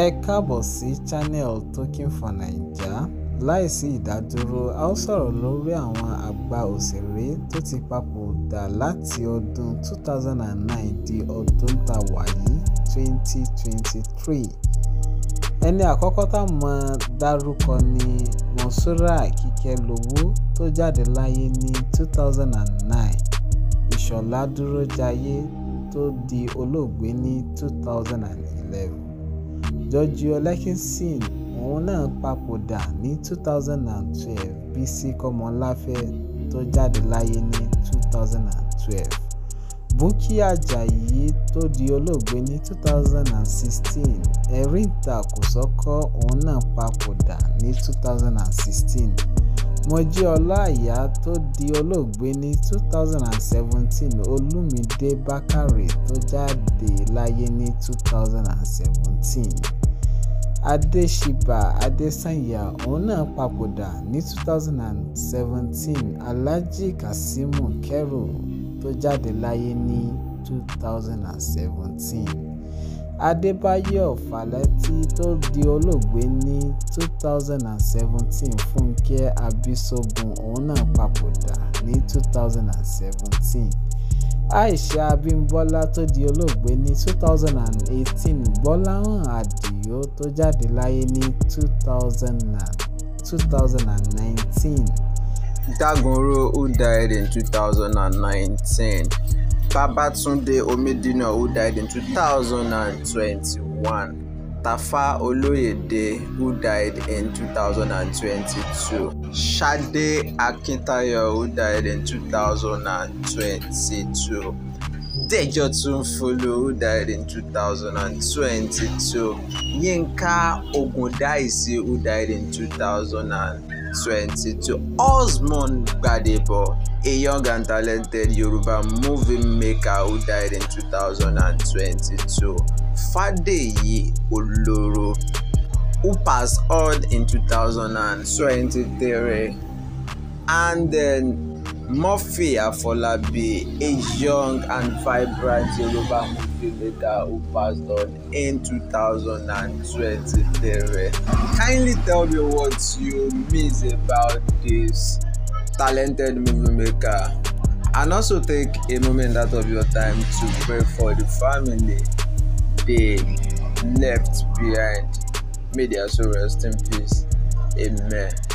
Ẹ káàbọ̀ sí Channel Talking for Naija. Láìsí ìdádúró, a ó sọ̀rọ̀ lórí àwọn àgbà òṣèré tó ti papòdà láti ọdún 2009 di ọdún tá a wà yìí 2023. Ẹni àkọ́kọ́ tá a mọ̀ dárúkọ ni Monsura Kikelowo tó jáde láyé ní 2009, Ìṣọ̀lá Dúrójayé tó di olóògbé ní 2011. George Laskinson, òun náà papòdà ní 2012, Bísí Kọ́mọláfẹ́ tó jáde láyé ní 2012, Bukky Àjàyí tó di olóògbé ní 2016, Erin Takosoko òun náà papòdà ní 2016, Mojíọlá Àyà tó di olóògbé ní 2017, Olúmidé Bákàrè tó jáde láyé ní 2017 adésìbà adésànyà òun náà papòdà ní 2017 thousand and seventeen alhaji kassimu kero tó jáde láyé ní two thousand and seventeen adébáyọ̀ fálétí tó di olóògbé ní two thousand and òun náà papòdà ní two aisha abimbola tó di olóògbé ní 2018 gbọ́láhàn àdìo tó jáde láyé ní 2019. dagunro who died in 2019 babatunde omidina who died in 2021. Tafa Oloyede who died in 2022. Shade Akintayo who died in 2022. Dejotun Folo who died in 2022. Yinka Ogundaisi who died in 2000. 2022. Osmond Gbadebo, a young and talented Yoruba movie maker who died in 2022. Fadeyi Oloro, who passed on in 2023. And then Murphy Afolabi, a young and vibrant Yoruba movie maker who passed on in 2023, kindly tell me what you miss about this talented movie maker. And also take a moment out of your time to pray for the family they left behind. May their soul rest in peace. Amen.